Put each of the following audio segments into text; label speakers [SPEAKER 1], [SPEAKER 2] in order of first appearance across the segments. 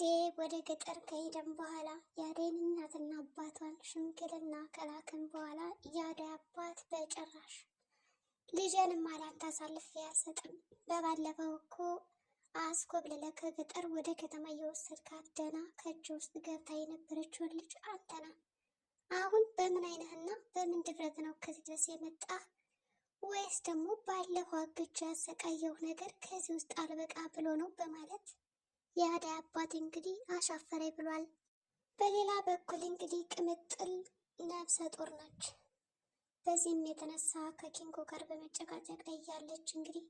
[SPEAKER 1] ዴብ ወደ ገጠር ከሄደን በኋላ የአደይን እናትና አባቷን ሽምግልና ከላክን በኋላ የአደይ አባት በጭራሽ ልጅን አላንተ ሳልፍ አልሰጥም፣ በባለፈው እኮ አስኮብልለ ከገጠር ወደ ከተማ እየወሰድካት ደህና ከእጅ ውስጥ ገብታ የነበረችውን ልጅ አንተና አሁን በምን አይነህና በምን ድፍረት ነው ከዚህ ድረስ የመጣ ወይስ ደግሞ ባለፈው አግቼ ያሰቃየው ነገር ከዚህ ውስጥ አልበቃ ብሎ ነው በማለት የአደይ አባት እንግዲህ አሻፈሬ ብሏል። በሌላ በኩል እንግዲህ ቅምጥል ነፍሰ ጡር ነች። በዚህም የተነሳ ከኪንጎ ጋር በመጨቃጨቅ ላይ ያለች እንግዲህ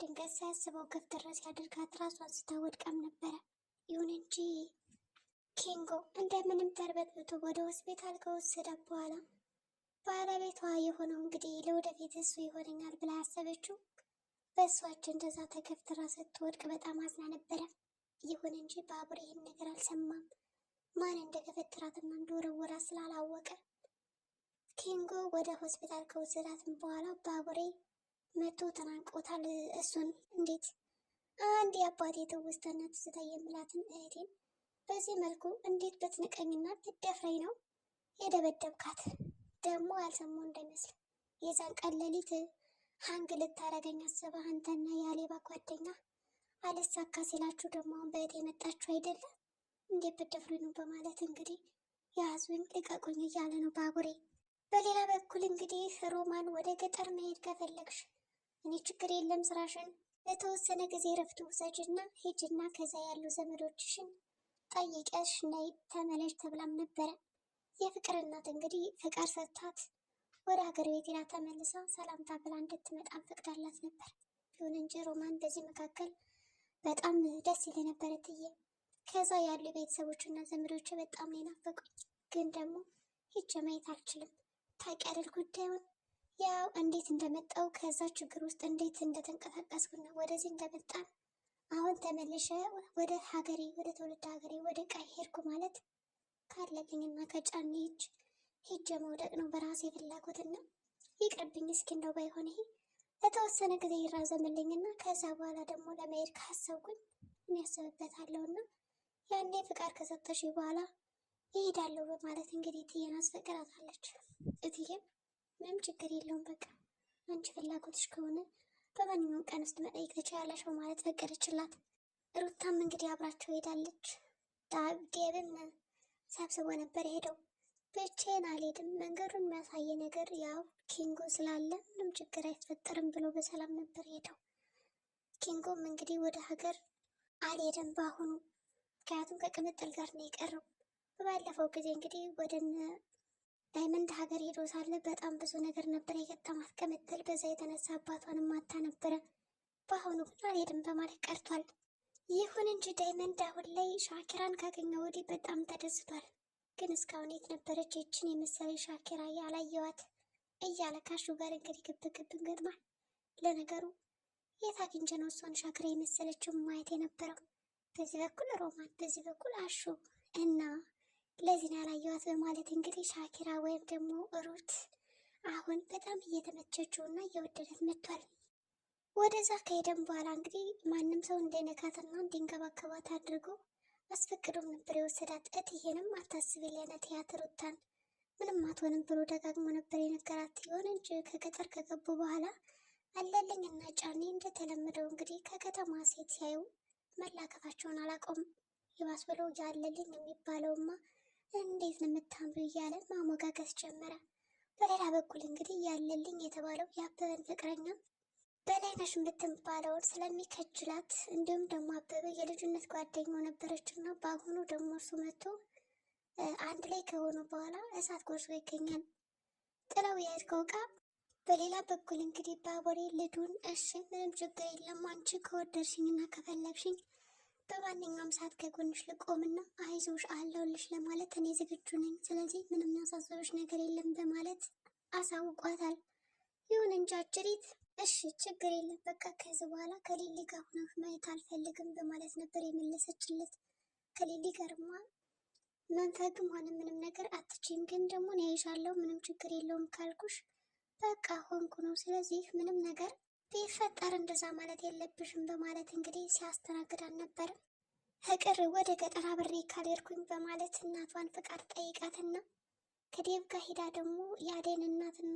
[SPEAKER 1] ድንገት ሳያስበው ከፍ ድረስ ያደርጋት ራሷን ስታወድቃም ነበረ። ይሁን እንጂ ኪንጎ እንደምንም ተርበትብቶ ወደ ሆስፒታል ከወሰደ በኋላ ባለቤቷ የሆነው እንግዲህ ለወደፊት እሱ ይሆነኛል ብላ ያሰበችው በእሷ እንደዛ ተገፍትራ ስትወድቅ በጣም አዝና ነበረ። ይሁን እንጂ ባቡር ይህን ነገር አልሰማም። ማን እንደገፈትራትና እንደወረወራ ስላላወቀ ኪንጎ ወደ ሆስፒታል ከወሰዳትን በኋላ ባቡሬ መቶ ተናንቆታል። እሱን እንዴት አንድ የአባቴ ትውስታና ትዝታ የምላትን እህቴን በዚህ መልኩ እንዴት በትንቀኝና ልትደፍረኝ ነው የደበደብካት? ደግሞ ያልሰሙ እንዳይመስል የዛን ቀን ሌሊት ሀንግ ልታረገኝ አስበህ አንተና የአሌባ ጓደኛ አልሳካ ሲላችሁ ደግሞ አሁን በእድ የመጣችሁ አይደለም እንዴት ብትደፍሪ ነው በማለት እንግዲህ የያዙኝ ልቀቁኝ እያለ ነው ባቡሬ። በሌላ በኩል እንግዲህ ሮማን ወደ ገጠር መሄድ ከፈለግሽ እኔ ችግር የለም ስራሽን ለተወሰነ ጊዜ ረፍት ውሰጅና ሂጅና ከዛ ያሉ ዘመዶችሽን ጠይቀሽ ነይ ተመለሽ ተብላም ነበረ። የፍቅር እናት እንግዲህ ፍቃድ ሰጥታት ወደ ሀገር ቤት ሄዳ ተመልሳ ሰላምታ ብላ እንድትመጣም ፈቅዳላት ነበር። ይሁን እንጂ ሮማን በዚህ መካከል በጣም ደስ ይል ነበረ ትዬ። ከዛ ያሉ ቤተሰቦችና ዘመዶች በጣም ነው የናፈቁኝ፣ ግን ደግሞ ሂጅ ማየት አልችልም። ታውቂያለሽ ጉዳዩን ያው እንዴት እንደመጣው ከዛ ችግር ውስጥ እንዴት እንደተንቀሳቀስኩ ነው ወደዚህ እንደመጣ አሁን ተመልሸ ወደ ሀገሬ ወደ ትውልድ ሀገሬ ወደ ቀይ ሄድኩ ማለት ካለብኝና ከጫን ሂጅ ሂጅ መውደቅ ነው በራሴ ፍላጎትና ይቅርብኝ። እስኪ እንደው ባይሆን ይሄ ለተወሰነ ጊዜ ይራዘምልኝና ከዛ በኋላ ደግሞ ለመሄድ ካሰብኩኝ እና ያኔ ፍቃድ ከሰጠሽ በኋላ ይሄዳለሁ በማለት እንግዲህ እትዬን አስፈቅዳታለች። እትዬም ምንም ችግር የለውም በቃ አንቺ ፍላጎትሽ ከሆነ በማንኛውም ቀን ውስጥ መጠየቅ ትችላለሽ በማለት ፈቀደችላት። ሩታም እንግዲህ አብራቸው ሄዳለች። ዳግብም ሰብስቦ ነበር የሄደው። ብቻዬን አልሄድም፣ መንገዱን የሚያሳየ ነገር ያው ኪንጎ ስላለ ምንም ችግር አይፈጠርም ብሎ በሰላም ነበር ሄደው። ኪንጎም እንግዲህ ወደ ሀገር አልሄደም በአሁኑ፣ ምክንያቱም ከቅምጥል ጋር ነው የቀረው። በባለፈው ጊዜ እንግዲህ ወደ ዳይመንድ ሀገር ሄዶ ሳለ በጣም ብዙ ነገር ነበር የገጠማት ቅምጥል። በዛ የተነሳ አባቷንም ማታ ነበረ። በአሁኑ ግን አልሄድም በማለት ቀርቷል። ይሁን እንጂ ዳይመንድ አሁን ላይ ሻኪራን ካገኘ ወዲህ በጣም ተደስቷል። ግን እስካሁን የት ነበረች ይችን የመሰለ ሻኪራ ያላየዋት እያለ ካሹ ጋር እንግዲህ ግብ ግብን ገጥሟል። ለነገሩ የት አግኝቼ ነው እሷን ሻኪራ የመሰለችው ማየት የነበረው? በዚህ በኩል ሮማን፣ በዚህ በኩል አሹ እና ለዚህን ያላየዋት በማለት እንግዲህ ሻኪራ ወይም ደግሞ ሩት አሁን በጣም እየተመቸችው እና እየወደደት መጥቷል። ወደዛ ከሄደም በኋላ እንግዲህ ማንም ሰው እንዳይነካትና እንዲንከባከባት አድርጎ አስፈቅዶም ነበር የወሰዳት። እትዬንም አታስቢ ለነ ቲያትር ወጥታን ምንም አትሆንም ብሎ ደጋግሞ ነበር የነገራት። ይሁን እንጂ ከገጠር ከገቡ በኋላ አለልኝ እና ጫኔ እንደተለመደው እንግዲህ ከከተማ ሴት ሲያዩ መላከፋቸውን አላቆም። ይባስ ብሎ ያለልኝ የሚባለውማ እንዴት ነው የምታምሩ እያለ ማሞጋገስ ጀመረ። በሌላ በኩል እንግዲህ ያለልኝ የተባለው የአበበን ፍቅረኛ በላይነሽ የምትባለውን ስለሚከጅላት እንዲሁም ደግሞ አበበ የልጅነት ጓደኛው ነበረች እና በአሁኑ ደግሞ እሱ መጥቶ አንድ ላይ ከሆኑ በኋላ እሳት ጎርሶ ይገኛል። ጥለው የሄድከው ዕቃ በሌላ በኩል እንግዲህ ባቡሬ ልዱን እሺ ምንም ችግር የለም አንቺ ከወደድሽኝ እና ከፈለግሽኝ በማንኛውም ሰዓት ከጎንሽ ልቆምና አይዞሽ አለሁልሽ ለማለት እኔ ዝግጁ ነኝ፣ ስለዚህ ምንም ያሳሰበሽ ነገር የለም በማለት አሳውቋታል። ይሁን እንጂ አጭሪት እሺ ችግር የለም በቃ ከዚህ በኋላ ከሌሊ ጋር ሆነህ ማየት አልፈልግም በማለት ነበር የመለሰችለት። ከሌሊ ጋርማ መንፈግም ሆነ ምንም ነገር አትችይም፣ ግን ደግሞ እኔ አይሻለሁ ምንም ችግር የለውም ካልኩሽ በቃ ሆንኩ ነው። ስለዚህ ምንም ነገር ቢፈጠር እንደዛ ማለት የለብሽም በማለት እንግዲህ ሲያስተናግድ አልነበርም። ፍቅር ወደ ገጠር አብሬ ካልሄድኩኝ በማለት እናቷን ፍቃድ ጠይቃትና ከዴብ ጋር ሄዳ ደግሞ የአዴን እናትና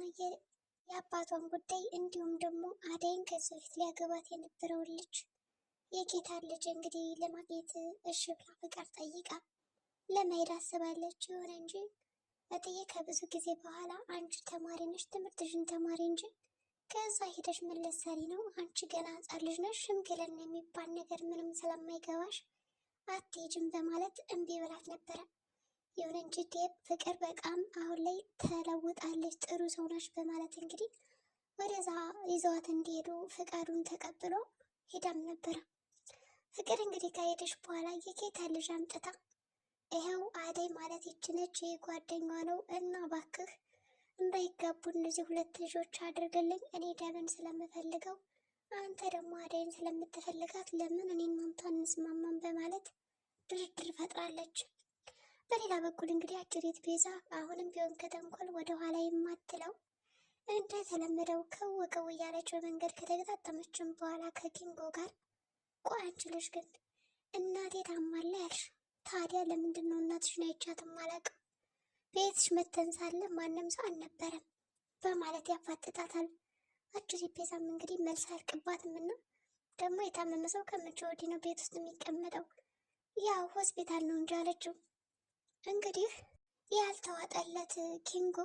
[SPEAKER 1] የአባቷን ጉዳይ እንዲሁም ደግሞ አደይን ከዚህ በፊት ሊያገባት የነበረውን ልጅ የጌታ ልጅ እንግዲህ ለማግኘት እሺ ብላ ፍቃድ ጠይቃ ለመሄድ አስባለች። ይሁን እንጂ እትዬ ከብዙ ጊዜ በኋላ አንቺ ተማሪ ነሽ፣ ትምህርትሽን ተማሪ እንጂ ከዛ ሄደሽ ምን ልትሰሪ ነው? አንቺ ገና ሕፃን ልጅ ነሽ፣ ሽምግልና የሚባል ነገር ምንም ስለማይገባሽ አትሄጂም በማለት እምቢ ብላት ነበረ። ይሁን እንጂ ፍቅር በጣም አሁን ላይ ተለውጣለች፣ ጥሩ ሰው ነች በማለት እንግዲህ ወደዛ ይዘዋት እንዲሄዱ ፍቃዱን ተቀብሎ ሄዳም ነበረ። ፍቅር እንግዲህ ከሄደች በኋላ የጌታ ልጅ አምጥታ ይኸው አደይ ማለት ይችነች ጓደኛ ነው እና ባክህ እንዳይጋቡ እነዚህ ሁለት ልጆች አድርግልኝ፣ እኔ ደብን ስለምፈልገው አንተ ደግሞ አደይን ስለምትፈልጋት ለምን እኔ እናንተ አንስማማም በማለት ድርድር ፈጥራለች። በሌላ በኩል እንግዲህ አጭሪት ቤዛ አሁንም ቢሆን ከተንኮል ወደኋላ የማትለው እንደተለመደው ከወቀው እያለች በመንገድ ከተገጣጠመችም በኋላ ከኪንጎ ጋር ቆይ ልጅ ግን እናቴ ታማለ ያልሽ ታዲያ ለምንድን ነው እናትሽን አይቻትም አላውቅም? ቤትሽ መተን ሳለ ማንም ሰው አልነበረም በማለት ያፋጥጣታል። አጭሪት ቤዛም እንግዲህ መልስ አልቅባትም እና ደግሞ የታመመ ሰው ከመቼ ወዲህ ነው ቤት ውስጥ የሚቀመጠው? ያው ሆስፒታል ነው እንጂ አለችው። እንግዲህ ያልተዋጠለት ኪንጎ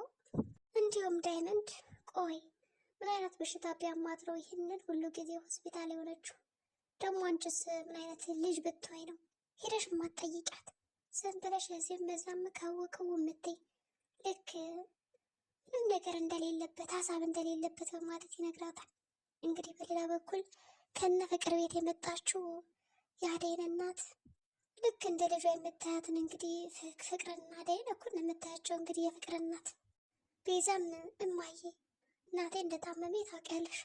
[SPEAKER 1] እንዲሁም ዳይመንድ ቆይ ምን አይነት በሽታ ቢያማትረው ይህንን ሁሉ ጊዜ ሆስፒታል የሆነችው? ደግሞ አንቺስ ምን አይነት ልጅ ብትሆይ ነው ሄደሽ ማትጠይቂያት? ዝም ብለሽ እዚህም በዛም ካወቅው የምትይ ልክ ምንም ነገር እንደሌለበት ሀሳብ እንደሌለበት በማለት ይነግራታል። እንግዲህ በሌላ በኩል ከነ ፍቅር ቤት የመጣችው የአደይን እናት ልክ እንደ ልጇ የምታያትን እንግዲህ ፍቅርና አደይን እኩል የምታያቸው። እንግዲህ የፍቅር እናት ቤዛም እማዬ እናቴ እንደታመሜ ታውቂያለሽ፣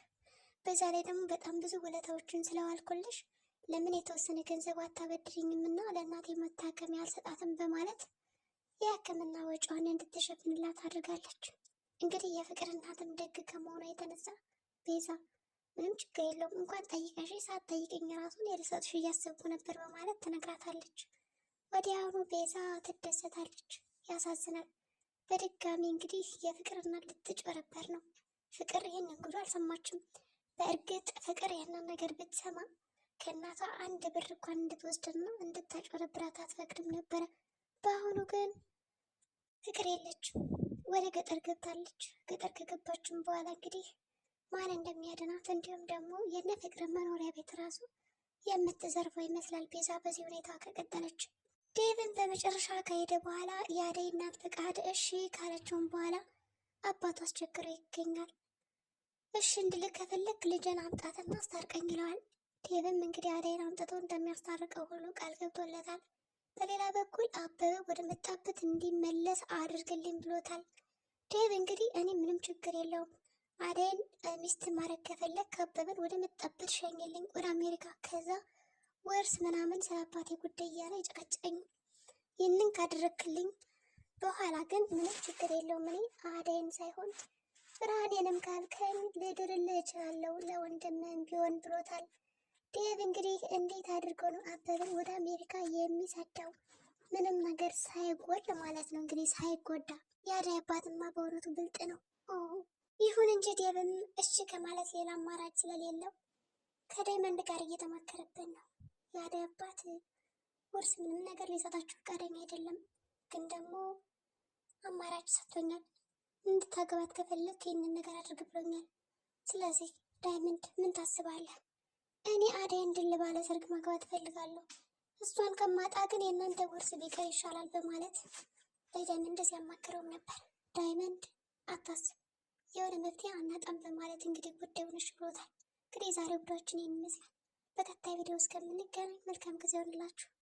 [SPEAKER 1] በዛ ላይ ደግሞ በጣም ብዙ ውለታዎችን ስለዋልኩልሽ ለምን የተወሰነ ገንዘብ አታበድሪኝም እና ለእናቴ መታከሚያ አልሰጣትም በማለት የሕክምና ወጪዋን እንድትሸፍንላት አድርጋለች። እንግዲህ የፍቅር እናትም ደግ ከመሆኗ የተነሳ ቤዛ ምንም ችግር የለውም እንኳን ጠይቀሽ ጠይቀኝ ራሱን የልሰጥሽ እያሰብኩ ነበር በማለት ትነግራታለች። ወዲያውኑ ቤዛ ትደሰታለች። ያሳዝናል። በድጋሚ እንግዲህ የፍቅርና ልትጭበረበር ነው። ፍቅር ይህንን ጉዱ አልሰማችም። በእርግጥ ፍቅር ይህንን ነገር ብትሰማ ከእናቷ አንድ ብር እንኳን እንድትወስድና እንድታጭበረብራት አትፈቅድም ነበረ። በአሁኑ ግን ፍቅር የለችም፣ ወደ ገጠር ገብታለች። ገጠር ከገባችም በኋላ እንግዲህ ማን እንደሚያድናት እንዲሁም ደግሞ የነ ፍቅር መኖሪያ ቤት ራሱ የምትዘርፈው ይመስላል ቤዛ በዚህ ሁኔታ ከቀጠለች። ዴቭን በመጨረሻ ከሄደ በኋላ የአደይ እናት ፈቃድ እሺ ካለችውን በኋላ አባቱ አስቸግሮ ይገኛል። እሺ እንድልክ ከፈለክ ልጅን አምጣትና አስታርቀኝ ይለዋል። ዴቭም እንግዲህ አደይን አምጥቶ እንደሚያስታርቀው ሁሉ ቃል ገብቶለታል። በሌላ በኩል አበበ ወደ መጣበት እንዲመለስ አድርግልኝ ብሎታል። ዴቭ እንግዲህ እኔ ምንም ችግር የለውም አደይን ሚስት ማድረግ ከፈለግ ከአበበን ወደ መጣበት ሸኝልኝ ወደ አሜሪካ፣ ከዛ ወርስ ምናምን ስለ አባቴ ጉዳይ እያለ ይጨቀጨኝ። ይህንን ካደረክልኝ በኋላ ግን ምንም ችግር የለውም። እኔ አደይን ሳይሆን ብርሃኔንም ካልከኝ ልድርልህ እችላለሁ፣ ለወንድምህም ቢሆን ብሎታል። ዴቭ እንግዲህ እንዴት አድርገው ነው አበብን ወደ አሜሪካ የሚሰዳው? ምንም ነገር ሳይጎድ ማለት ነው እንግዲህ ሳይጎዳ። የአደይ አባትማ በእውነቱ ብልጥ ነው። ይሁን እንጂ ዴብም እሺ ከማለት ሌላ አማራጭ ስለሌለው ከዳይመንድ ጋር እየተማከረብን ነው። ያደ አባት ውርስ ምንም ነገር ሊሰጣችሁ ፈቃደኛ አይደለም፣ ግን ደግሞ አማራጭ ሰጥቶኛል። እንድታገባት ከፈለግ ይህንን ነገር አድርግ ብሎኛል። ስለዚህ ዳይመንድ ምን ታስባለህ? እኔ አደይ እንድል ባለ ሰርግ ማግባት እፈልጋለሁ። እሷን ከማጣ ግን የእናንተ ውርስ ቢቀር ይሻላል በማለት ለዳይመንድ ሲያማክረውም ነበር። ዳይመንድ አታስብ የሆነ መፍትሄ አናጣም በማለት እንግዲህ ጉዳዩን ሽሮታል። እንግዲህ የዛሬው ጉዳያችን ይህን ይመስላል። በቀጣይ ቪዲዮ እስከምንገናኝ መልካም ጊዜ ይሆንላችሁ።